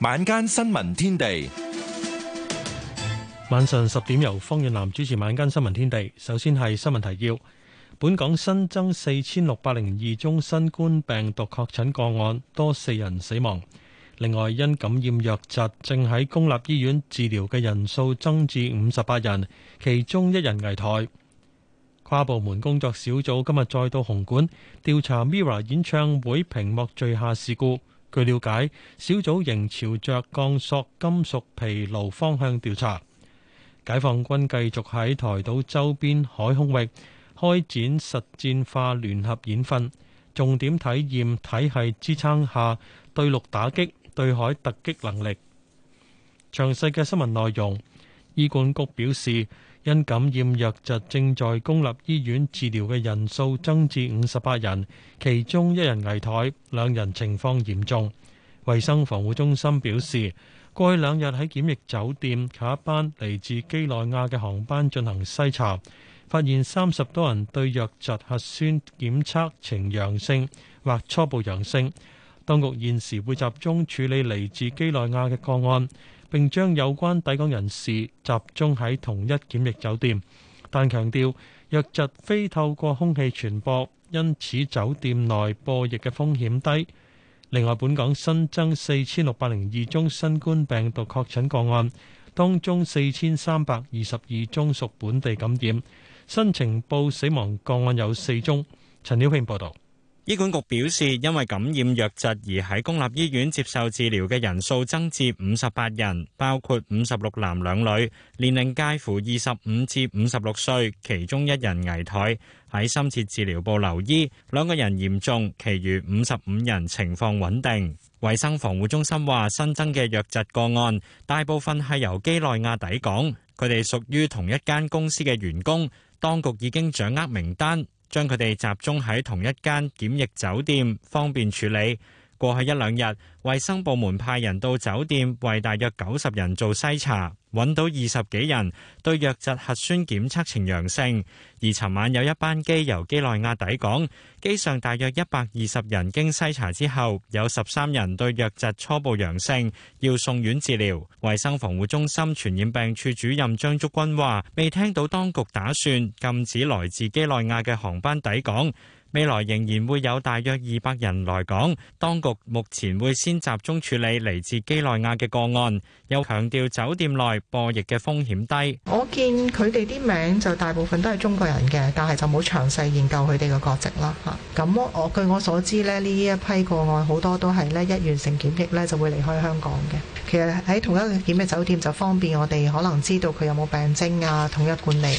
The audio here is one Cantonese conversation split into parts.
晚間新聞天地，晚上十點由方遠南主持。晚間新聞天地，首先係新聞提要：本港新增四千六百零二宗新冠病毒確診個案，多四人死亡。另外，因感染藥疾正喺公立醫院治療嘅人數增至五十八人，其中一人危殆。跨部門工作小組今日再到紅館調查 MIRROR 演唱會屏幕墜下事故。據了解，小組，仍朝着鋼索、金屬疲勞方向調查。解放軍繼續喺台島周邊海空域開展實戰化聯合演訓，重點體驗體系支撐下對陸打擊、對海突擊能力。詳細嘅新聞內容，醫管局表示。因感染瘧疾正在公立醫院治療嘅人數增至五十八人，其中一人危殆，兩人情況嚴重。衛生防護中心表示，過去兩日喺檢疫酒店下一班嚟自基內亞嘅航班進行篩查，發現三十多人對瘧疾核酸檢測呈陽性或初步陽性。當局現時會集中處理嚟自基內亞嘅個案。並將有關抵港人士集中喺同一檢疫酒店，但強調若疾非透過空氣傳播，因此酒店內播疫嘅風險低。另外，本港新增四千六百零二宗新冠病毒確診個案，當中四千三百二十二宗屬本地感染，新情報死亡個案有四宗。陳曉平報道。醫管局表示，因為感染瘧疾而喺公立醫院接受治療嘅人數增至五十八人，包括五十六男兩女，年齡介乎二十五至五十六歲，其中一人危殆，喺深切治療部留醫，兩個人嚴重，其餘五十五人情況穩定。衛生防護中心話，新增嘅瘧疾個案大部分係由幾內亞抵港，佢哋屬於同一間公司嘅員工，當局已經掌握名單，將佢哋集中喺同一間檢疫酒店，方便處理。過去一兩日，衛生部門派人到酒店為大約九十人做篩查，揾到二十幾人對瘧疾核酸檢測呈陽性。而尋晚有一班機由基內亞抵港，機上大約一百二十人經篩查之後，有十三人對瘧疾初步陽性，要送院治療。衛生防護中心傳染病處主任張竹君話，未聽到當局打算禁止來自基內亞嘅航班抵港。未來仍然會有大約二百人來港，當局目前會先集中處理嚟自幾內亞嘅個案。又強調酒店內播疫嘅風險低。我見佢哋啲名就大部分都係中國人嘅，但係就冇詳細研究佢哋嘅國籍啦。嚇，咁我據我所知咧，呢一批個案好多都係咧一完成檢疫咧就會離開香港嘅。其實喺同一個檢疫酒店就方便我哋可能知道佢有冇病徵啊，統一管理。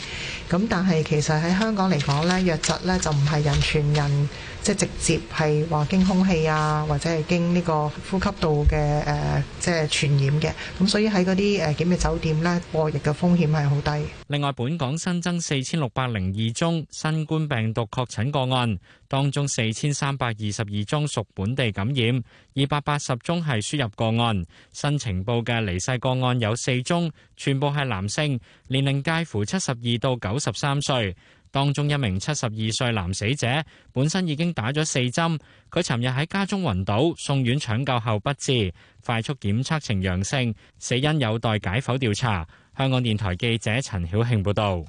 咁但係其實喺香港嚟講，呢瘧疾呢就唔係人傳人，即係直接係話經空氣啊，或者係經呢個呼吸道嘅，誒，即係傳染嘅。咁所以喺嗰啲誒檢疫酒店呢，過疫嘅風險係好低。另外，本港新增四千六百零二宗新冠病毒確診個案，當中四千三百二十二宗屬本地感染，二百八十宗係輸入個案。新情報嘅離世個案有四宗，全部係男性，年齡介乎七十二到九十三歲。當中一名七十二歲男死者，本身已經打咗四針，佢尋日喺家中暈倒，送院搶救後不治，快速檢測呈陽性，死因有待解剖調查。香港電台記者陳曉慶報道。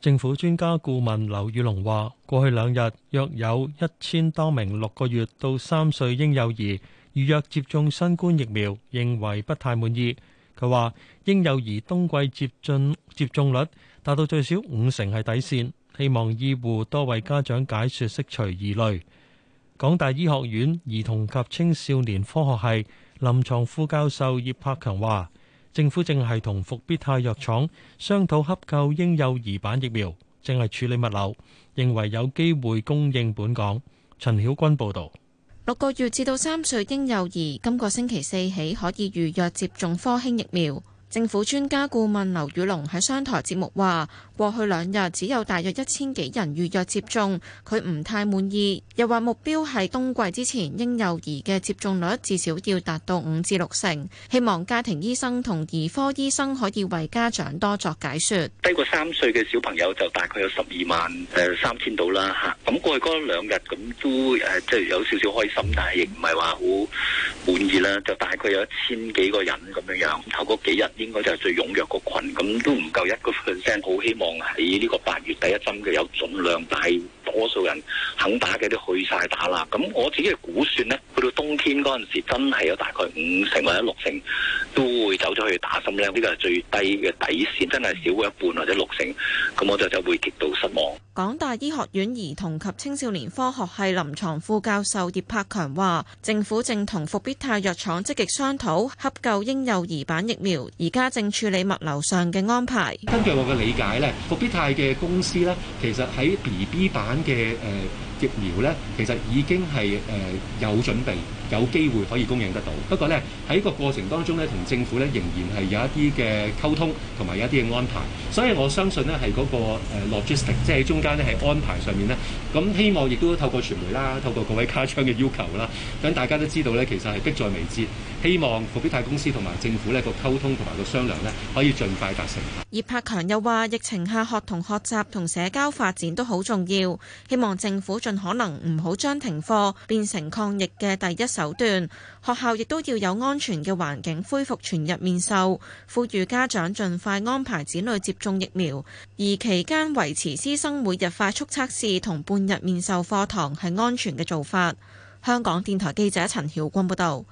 政府專家顧問劉宇隆話：，過去兩日約有一千多名六個月到三歲嬰幼兒預約接種新冠疫苗，認為不太滿意。佢話：，嬰幼兒冬季接種接種率。達到最少五成係底線，希望醫護多為家長解説，釋除疑慮。港大醫學院兒童及青少年科學系臨床副教授葉柏強話，政府正係同復必泰藥廠商討洽購嬰幼兒版疫苗，正係處理物流，認為有機會供應本港。陳曉君報導。六個月至到三歲嬰幼兒今個星期四起可以預約接種科興疫苗。政府專家顧問劉宇隆喺商台節目話，過去兩日只有大約一千幾人預約接種，佢唔太滿意，又話目標係冬季之前嬰幼兒嘅接種率至少要達到五至六成，希望家庭醫生同兒科醫生可以為家長多作解說。低過三歲嘅小朋友就大概有十二萬誒三千度啦吓，咁過去嗰兩日咁都誒即係有少少開心，但係亦唔係話好滿意啦，就大概有一千幾個人咁樣樣，頭嗰幾日應該就係最踊躍個群，咁都唔夠一個 percent，好希望。喺呢個八月底一針嘅有總量，但係多數人肯打嘅都去晒打啦。咁我自己嘅估算呢，去到冬天嗰陣時，真係有大概五成或者六成。都會走咗去打針咧，呢個係最低嘅底線，真係少過一半或者六成，咁我就就會極度失望。港大醫學院兒童及青少年科學系臨床副教授葉柏強話，政府正同復必泰藥廠積極商討合購嬰幼兒版疫苗，而家正處理物流上嘅安排。根據我嘅理解呢，復必泰嘅公司呢，其實喺 BB 版嘅誒。呃疫苗呢，其實已經係誒有準備，有機會可以供應得到。不過呢，喺個過程當中呢，同政府呢，仍然係有一啲嘅溝通同埋有一啲嘅安排。所以我相信呢，係嗰個 logistics，即係中間呢，係安排上面呢。咁希望亦都透過傳媒啦，透過各位家長嘅要求啦，等大家都知道呢，其實係迫在眉睫。希望復必泰公司同埋政府呢個溝通同埋個商量呢，可以盡快達成。葉柏強又話：疫情下學同學習同社交發展都好重要，希望政府。盡可能唔好將停課變成抗疫嘅第一手段，學校亦都要有安全嘅環境恢復全日面授，呼籲家長盡快安排子女接種疫苗，而期間維持師生每日快速測試同半日面授課堂係安全嘅做法。香港電台記者陳曉君報道。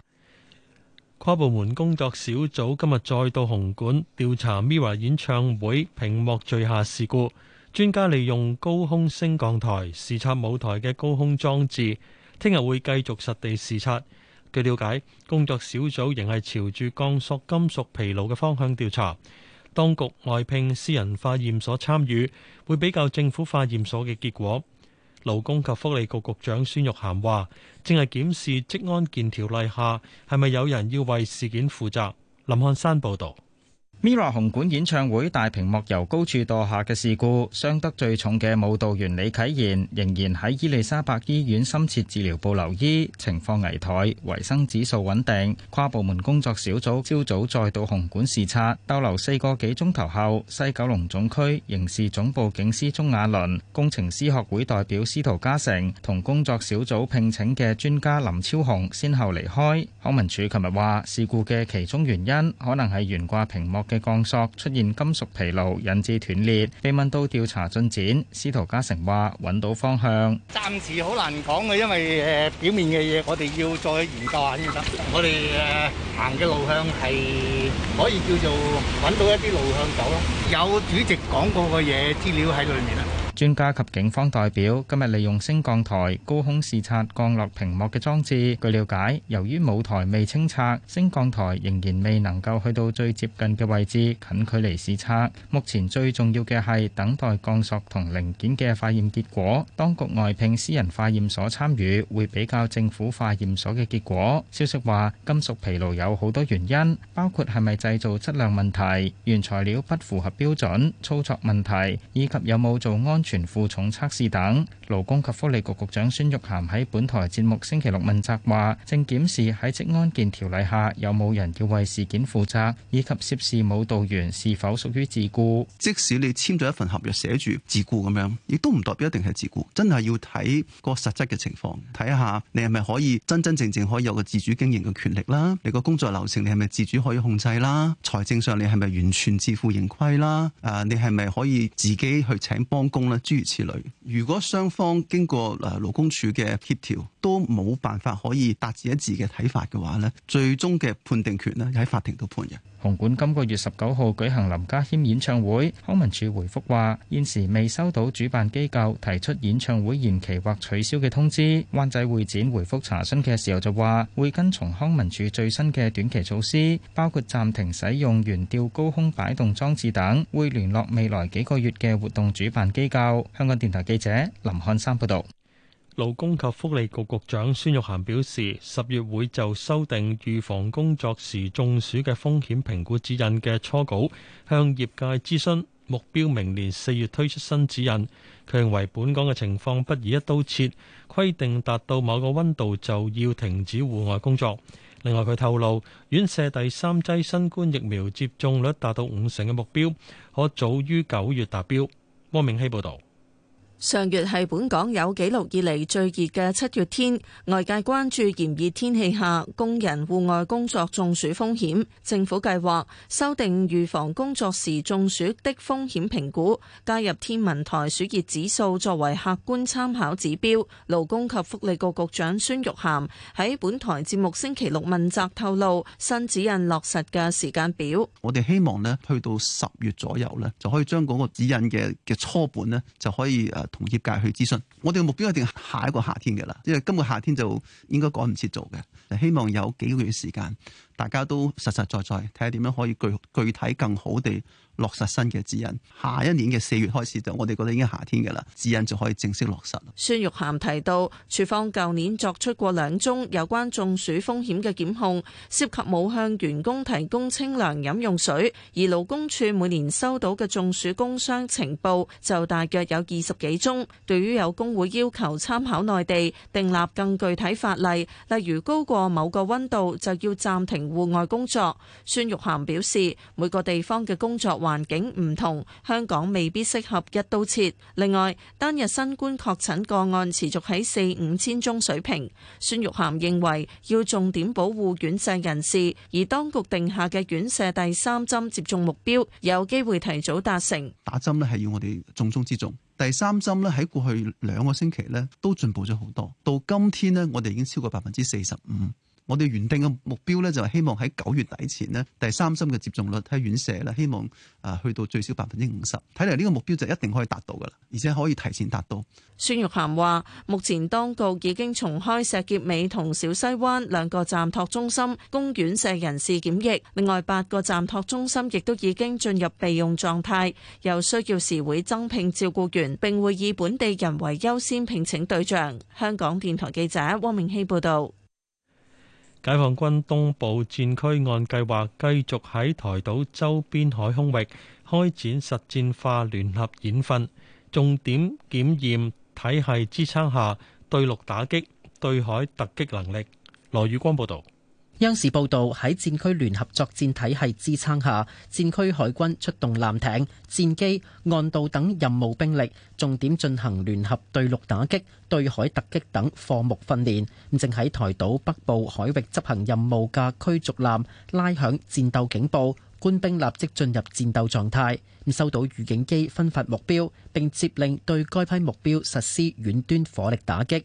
跨部門工作小組今日再到紅館調查 MIRROR 演唱會屏幕墜下事故。專家利用高空升降台視察舞台嘅高空裝置，聽日會繼續實地視察。據了解，工作小組仍係朝住鋼索金屬疲勞嘅方向調查。當局外聘私人化驗所參與，會比較政府化驗所嘅結果。勞工及福利局局長孫玉菡話，正係檢視職安健條例下係咪有人要為事件負責。林漢山報導。Mirror 紅館演唱會大屏幕由高處墮下嘅事故，傷得最重嘅舞蹈員李啟賢仍然喺伊麗莎白醫院深切治療部留醫，情況危殆，維生指數穩定。跨部門工作小組朝早再到紅館視察，逗留四個幾鐘頭後，西九龍總區刑事總部警司鍾雅倫、工程師學會代表司徒嘉誠同工作小組聘請嘅專家林超雄先後離開。康文署琴日話，事故嘅其中原因可能係懸掛屏幕嘅。鋼索出現金屬疲勞，引致斷裂。被問到調查進展，司徒嘉誠話，揾到方向，暫時好難講嘅，因為誒表面嘅嘢，我哋要再研究下先得。我哋誒行嘅路向係可以叫做揾到一啲路向走咗，有主席講過嘅嘢資料喺裏面啦。專家及警方代表今日利用升降台高空視察降落屏幕嘅裝置據了解由於舞台未清拆升降台仍然未能夠去到最接近嘅位置近距離視察目前最重要嘅係等待鋼索同零件嘅化驗結果當局外聘私人化驗所參與會比較政府化驗所嘅結果消息話金屬疲勞有好多原因包括係咪製造質量問題原材料不符合標準操作問題以及有冇做安全全副重測試等，勞工及福利局局長孫玉菡喺本台節目星期六問責話正檢視喺職安健條例下有冇人要為事件負責以及涉事舞蹈員是否屬於自雇，即使你簽咗一份合約寫住自雇咁樣亦都唔代表一定係自雇，真係要睇個實質嘅情況，睇下你係咪可以真真正正可以有個自主經營嘅權力啦，你個工作流程你係咪自主可以控制啦，財政上你係咪完全自負盈虧啦，誒，你係咪可以自己去請幫工諸如此類，如果雙方經過誒勞工處嘅協調，都冇辦法可以達至一致嘅睇法嘅話咧，最終嘅判定權咧喺法庭度判嘅。紅館今個月十九號舉行林家謙演唱會，康文署回覆話現時未收到主辦機構提出演唱會延期或取消嘅通知。灣仔會展回覆查詢嘅時候就話會跟從康文署最新嘅短期措施，包括暫停使用懸吊高空擺動裝置等，會聯絡未來幾個月嘅活動主辦機構。香港電台記者林漢山報道。勞工及福利局局長孫玉菡表示，十月會就修訂預防工作時中暑嘅風險評估指引嘅初稿向業界諮詢，目標明年四月推出新指引。佢認為本港嘅情況不宜一刀切，規定達到某個溫度就要停止戶外工作。另外，佢透露，院舍第三劑新冠疫苗接種率達到五成嘅目標，可早於九月達標。汪明希報道。上月係本港有紀錄以嚟最熱嘅七月天，外界關注炎熱天氣下工人戶外工作中暑風險。政府計劃修訂預防工作時中暑的風險評估，加入天文台暑熱指數作為客觀參考指標。勞工及福利局局長孫玉菡喺本台節目星期六問責透露，新指引落實嘅時間表。我哋希望呢去到十月左右呢，就可以將嗰個指引嘅嘅初本呢，就可以誒。同業界去諮詢，我哋嘅目標一定係下一個夏天嘅啦，因為今個夏天就應該趕唔切做嘅，希望有幾個月時間，大家都實實在在，睇下點樣可以具具體更好地。落實新嘅指引，下一年嘅四月開始就我哋覺得已經夏天嘅啦，指引就可以正式落實。孫玉菡提到，處方舊年作出過兩宗有關中暑風險嘅檢控，涉及冇向員工提供清涼飲用水，而勞工處每年收到嘅中暑工傷情報就大約有二十幾宗。對於有工會要求參考內地訂立更具體法例，例如高過某個溫度就要暫停戶外工作，孫玉菡表示每個地方嘅工作。環境唔同，香港未必適合一刀切。另外，單日新冠確診個案持續喺四五千宗水平。孫玉菡認為要重點保護院舍人士，而當局定下嘅院舍第三針接種目標，有機會提早達成。打針咧係要我哋重中之重，第三針咧喺過去兩個星期咧都進步咗好多，到今天咧我哋已經超過百分之四十五。我哋原定嘅目標呢，就係希望喺九月底前呢，第三針嘅接種率喺院舍呢，希望啊去到最少百分之五十。睇嚟呢個目標就一定可以達到㗎喇，而且可以提前達到。孫玉涵話：目前當局已經重開石硤尾同小西灣兩個站托中心供院舍人士檢疫，另外八個站托中心亦都已經進入備用狀態，有需要時會增聘照顧員，並會以本地人為優先聘請對象。香港電台記者汪明希報導。解放軍東部戰區按計劃繼續喺台島周邊海空域開展實戰化聯合演訓，重點檢驗體系支撐下對陸打擊、對海突擊能力。羅宇光報道。央視報道，喺戰區聯合作戰體系支撐下，戰區海軍出動艦艇、戰機、岸導等任務兵力，重點進行聯合對陸打擊、對海突擊等科目訓練。正喺台島北部海域執行任務嘅驅逐艦拉響戰鬥警報，官兵立即進入戰鬥狀態。收到預警機分發目標，並接令對該批目標實施遠端火力打擊。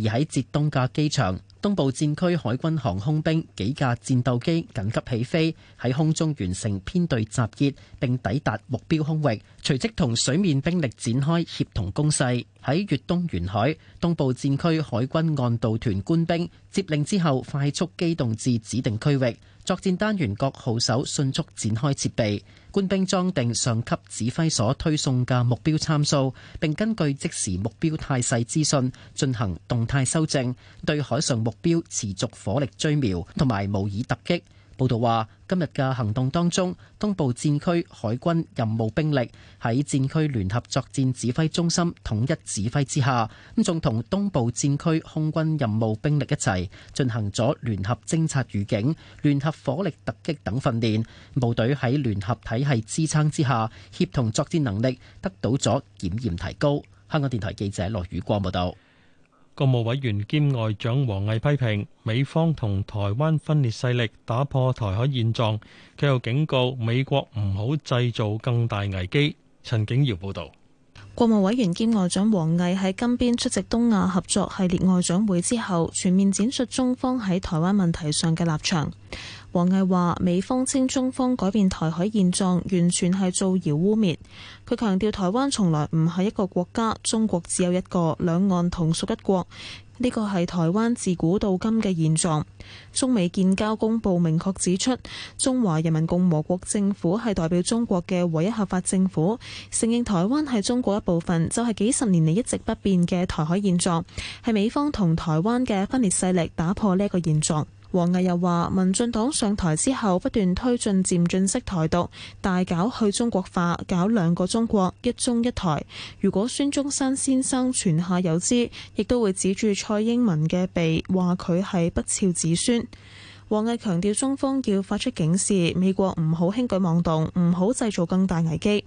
而喺浙東架機場，東部戰區海軍航空兵幾架戰鬥機緊急起飛，喺空中完成編隊集結，並抵達目標空域，隨即同水面兵力展開協同攻勢。喺粵東沿海，東部戰區海軍岸導團官兵接令之後，快速機動至指定區域，作戰單元各號手迅速展開設備。官兵裝訂上級指揮所推送嘅目標參數，並根據即時目標態勢資訊進行動態修正，對海上目標持續火力追瞄同埋模擬突擊。報道話，今日嘅行動當中，東部戰區海軍任務兵力喺戰區聯合作戰指揮中心統一指揮之下，咁仲同東部戰區空軍任務兵力一齊進行咗聯合偵察預警、聯合火力突擊等訓練。部隊喺聯合體系支撐之下，協同作戰能力得到咗檢驗提高。香港電台記者羅宇光報道。國務委員兼外長王毅批評美方同台灣分裂勢力打破台海現狀，佢又警告美國唔好製造更大危機。陳景堯報道，國務委員兼外長王毅喺金邊出席東亞合作系列外長會之後，全面展述中方喺台灣問題上嘅立場。王毅話美方稱中方改變台海現狀，完全係造謠污衊。佢強調台灣從來唔係一個國家，中國只有一個，兩岸同屬一國，呢、這個係台灣自古到今嘅現狀。中美建交公報明確指出，中華人民共和國政府係代表中國嘅唯一合法政府，承認台灣係中國一部分，就係、是、幾十年嚟一直不變嘅台海現狀，係美方同台灣嘅分裂勢力打破呢一個現狀。王毅又話：民進黨上台之後，不斷推進漸進式台獨，大搞去中國化，搞兩個中國，一中一台。如果孫中山先生泉下有知，亦都會指住蔡英文嘅鼻，話佢係不肖子孫。王毅強調，中方要發出警示，美國唔好輕舉妄動，唔好製造更大危機。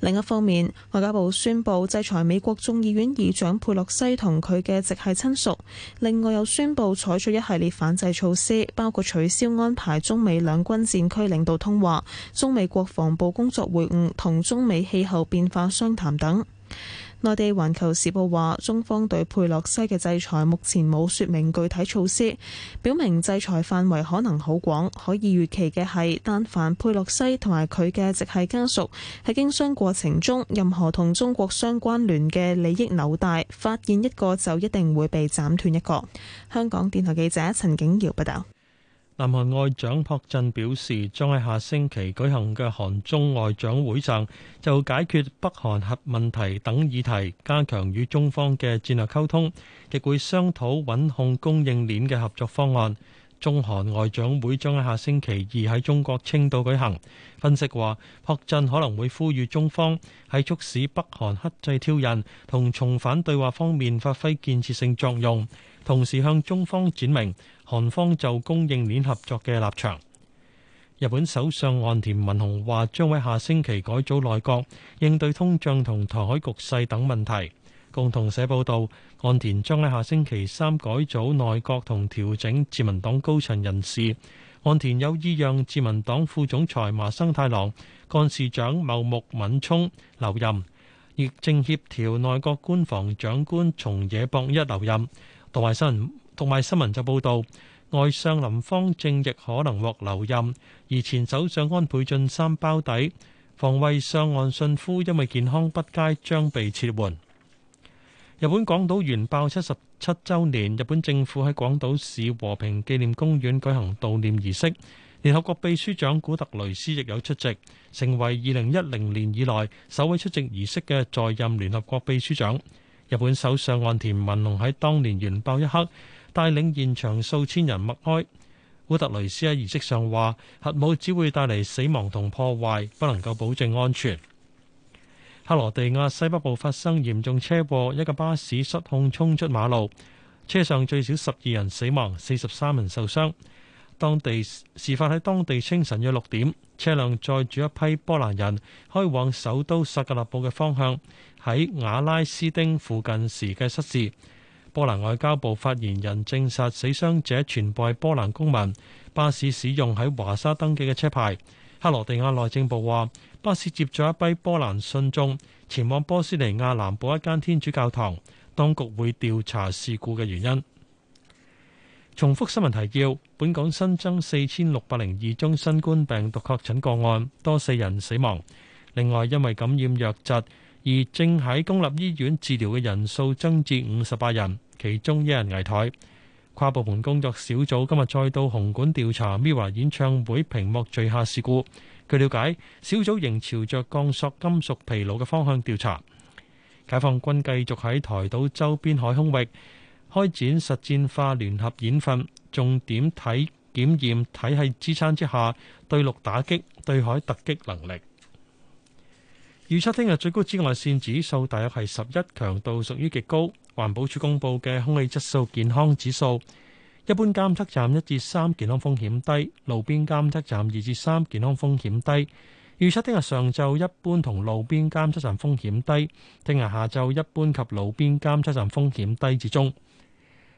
另一方面，外交部宣布制裁美國眾議院議長佩洛西同佢嘅直系親屬，另外又宣布採取一系列反制措施，包括取消安排中美兩軍戰區領導通話、中美國防部工作會晤同中美氣候變化商談等。內地《環球時報》話，中方對佩洛西嘅制裁目前冇説明具體措施，表明制裁範圍可能好廣。可以預期嘅係，但凡佩洛西同埋佢嘅直系家屬喺經商過程中，任何同中國相關聯嘅利益紐帶，發現一個就一定會被斬斷一個。香港電台記者陳景瑤報道。南韓外長朴振表示，將喺下星期舉行嘅韓中外長會上，就解決北韓核問題等議題，加強與中方嘅戰略溝通，亦會商討穩控供應鏈嘅合作方案。中韓外長會將喺下星期二喺中國青島舉行。分析話，朴振可能會呼籲中方喺促使北韓克制挑釁同重返對話方面發揮建設性作用，同時向中方展明韓方就供應鏈合作嘅立場。日本首相岸田文雄話將喺下星期改組內閣，應對通脹同台海局勢等問題。共同社報導，岸田將喺下星期三改組內閣同調整自民黨高層人士。岸田有意讓自民黨副總裁麻生太郎、幹事長茂木敏充留任，亦正協調內閣官房長官松野博一留任。同埋新同埋新聞就報導，外相林芳正亦可能獲留任，而前首相安倍晉三胞弟防衛相岸信夫因為健康不佳將被撤換。日本廣島原爆七十七週年，日本政府喺廣島市和平紀念公園舉行悼念儀式，聯合國秘書長古特雷斯亦有出席，成為二零一零年以來首位出席儀式嘅在任聯合國秘書長。日本首相岸田文雄喺當年原爆一刻，帶領現場數千人默哀。古特雷斯喺儀式上話：核武只會帶嚟死亡同破壞，不能夠保證安全。克羅地亞西北部發生嚴重車禍，一個巴士失控衝出馬路，車上最少十二人死亡，四十三人受傷。當地事發喺當地清晨約六點，車輛載住一批波蘭人，開往首都薩格勒布嘅方向，喺瓦拉斯丁附近時嘅失事。波蘭外交部發言人證實，死傷者全部係波蘭公民，巴士使用喺華沙登記嘅車牌。克羅地亞內政部話，巴士接咗一批波蘭信眾前往波斯尼亞南部一間天主教堂，當局會調查事故嘅原因。重複新聞提要：本港新增四千六百零二宗新冠病毒確診個案，多四人死亡。另外，因為感染藥疾而正喺公立醫院治療嘅人數增至五十八人，其中一人危殆。跨部門工作小組今日再到紅館調查 MIRROR 演唱會屏幕墜下事故。據瞭解，小組仍朝着鋼索金屬疲勞嘅方向調查。解放軍繼續喺台島周邊海空域開展實戰化聯合演訓，重點體檢驗體系支撐之下對陸打擊、對海突擊能力。預測聽日最高紫外線指數大約係十一，強度屬於極高。環保署公布嘅空氣質素健康指數，一般監測站一至三健康風險低，路邊監測站二至三健康風險低。預測聽日上晝一般同路邊監測站風險低，聽日下晝一般及路邊監測站風險低至中。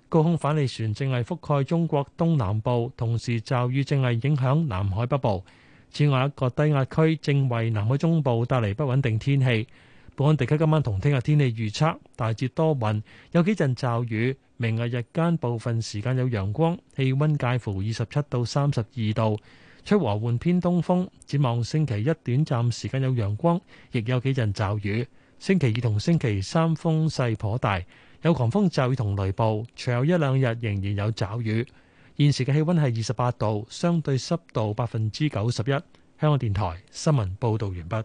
高空反氣旋正係覆蓋中國東南部，同時驟雨正係影響南海北部。此外，一個低壓區正為南海中部帶嚟不穩定天氣。本港地區今晚同聽日天氣預測，大致多雲，有幾陣驟雨。明日日間部分時間有陽光，氣溫介乎二十七到三十二度，吹和緩偏東風。展望星期一短暫時間有陽光，亦有幾陣驟雨。星期二同星期三風勢頗大，有狂風驟雨同雷暴，隨後一兩日仍然有驟雨。現時嘅氣溫係二十八度，相對濕度百分之九十一。香港電台新聞報道完畢。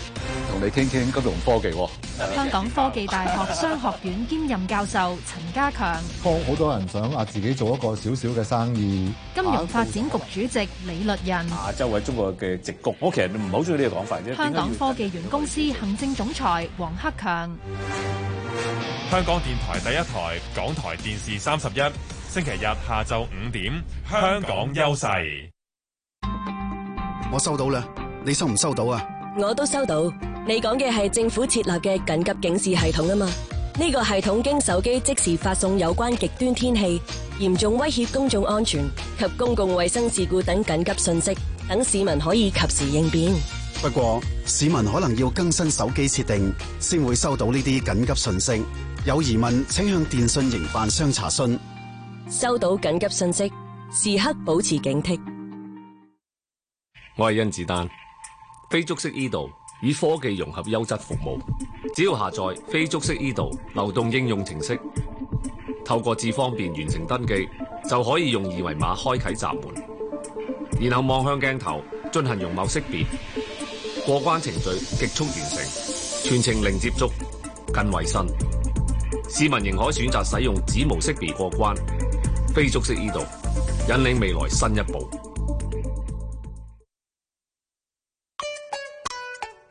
同你傾傾金融科技，哦。香港科技大學商學院兼任教授陳家強。好 多人想啊，自己做一個小小嘅生意。金融發展局主席李律仁。啊，周圍中國嘅直局。我其實唔係好中意呢個講法啫。香港科技園公司行政總裁黃克強。香港電台第一台，港台電視三十一，星期日下晝五點，香港優勢。我收到啦，你收唔收到啊？我都收到，你講嘅係政府設立嘅緊急警示系統啊嘛？呢個系統經手機即時發送有關極端天氣、嚴重威脅公眾安全及公共衛生事故等緊急信息，等市民可以及時應變。不過市民可能要更新手機設定，先會收到呢啲緊急信息。有疑問，請向電信營辦商查詢。收到緊急信息，時刻保持警惕。我係甄子丹。非接觸式 e 道以科技融合優質服務，只要下載非接觸式 e 道流動應用程式，透過智方便完成登記，就可以用二維碼開啟閘門，然後望向鏡頭進行容貌識別，過關程序極速完成，全程零接觸、更衛生。市民仍可選擇使用指模識別過關。非接觸式 e 道引領未來新一步。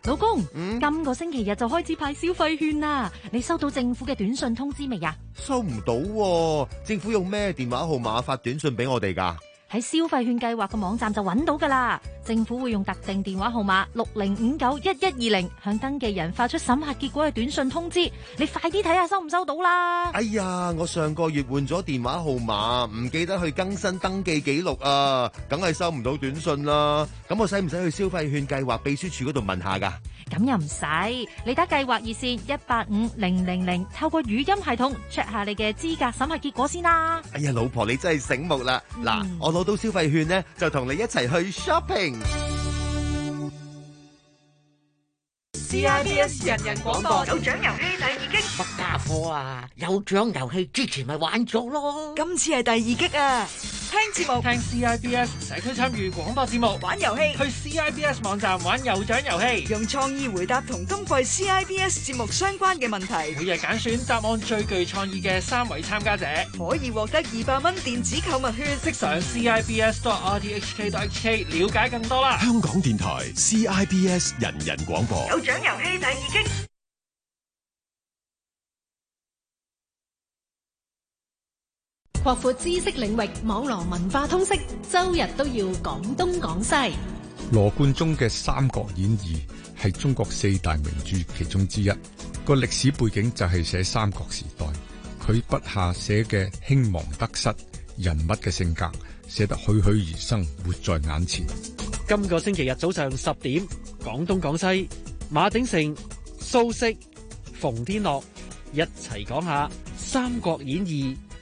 老公，嗯、今個星期日就開始派消費券啦！你收到政府嘅短信通知未呀？收唔到、啊，政府用咩電話號碼發短信俾我哋㗎？喺消費券計劃個網站就搵到噶啦。政府會用特定電話號碼六零五九一一二零向登記人發出審核結果嘅短信通知，你快啲睇下收唔收到啦。哎呀，我上個月換咗電話號碼，唔記得去更新登記記錄啊，梗係收唔到短信啦。咁我使唔使去消費券計劃秘書處嗰度問下噶？咁又唔使，你打計劃熱線一八五零零零，000，透過語音系統 check 下你嘅資格審核結果先啦。哎呀，老婆你真係醒目啦。嗱、嗯，我老。攞到消費券呢，就同你一齊去 shopping。CIBS 人人廣播有獎遊戲等已經。我啊，有獎遊戲之前咪玩咗咯。今次係第二擊啊！聽節目，聽 CIBS 社區參與廣播節目，玩遊戲去 CIBS 網站玩有獎遊戲，用創意回答同冬季 CIBS 節目相關嘅問題。每日揀選答案最具創意嘅三位參加者，可以獲得二百蚊電子購物券。即上 CIBS.RTHK.HK 了解更多啦！香港電台 CIBS 人人廣播有獎遊戲第二擊。擴闊知識領域，網絡文化通識，週日都要講東講西。羅貫中嘅《三國演義》係中國四大名著其中之一，個歷史背景就係寫三國時代，佢筆下寫嘅興亡得失、人物嘅性格，寫得栩栩如生，活在眼前。今個星期日早上十點，廣東廣西馬鼎盛、蘇軾、馮天樂一齊講下《三國演義》。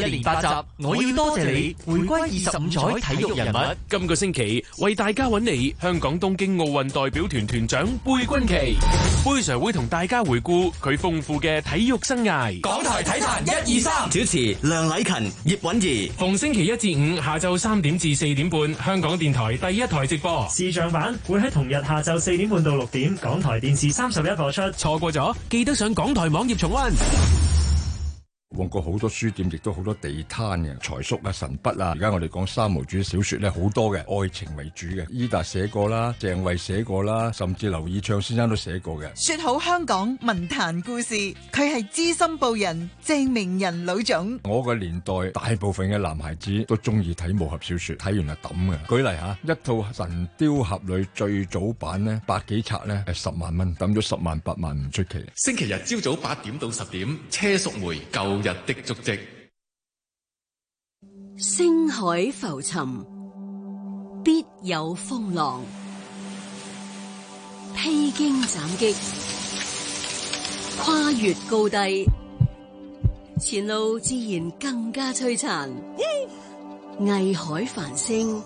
一年八集，我要多謝你回歸二十五載，體育人物。今個星期為大家揾嚟香港東京奧運代表團團長貝君琪。貝 Sir 會同大家回顧佢豐富嘅體育生涯。港台體壇一二三，1, 2, 主持梁禮勤、葉韻儀，逢星期一至五下晝三點至四點半，香港電台第一台直播。視像版會喺同日下晝四點半到六點，港台電視三十一播出。錯過咗，記得上港台網頁重溫。旺角好多書店，亦都好多地攤嘅財叔啊、神筆啊。而家我哋講三毫子小說咧，好多嘅愛情為主嘅。伊達寫過啦，鄭衛寫過啦，甚至劉以鬯先生都寫過嘅。說好香港文壇故事，佢係資深報人鄭明仁老總。我個年代大部分嘅男孩子都中意睇武俠小說，睇完就抌嘅。舉例吓，一套《神雕俠侶》最早版呢，百幾冊呢，係十萬蚊，抌咗十萬八萬唔出奇。星期日朝早八點到十點，車淑梅舊日的足跡，星海浮沉，必有風浪，披荊斬棘，跨越高低，前路自然更加璀璨。藝海繁星。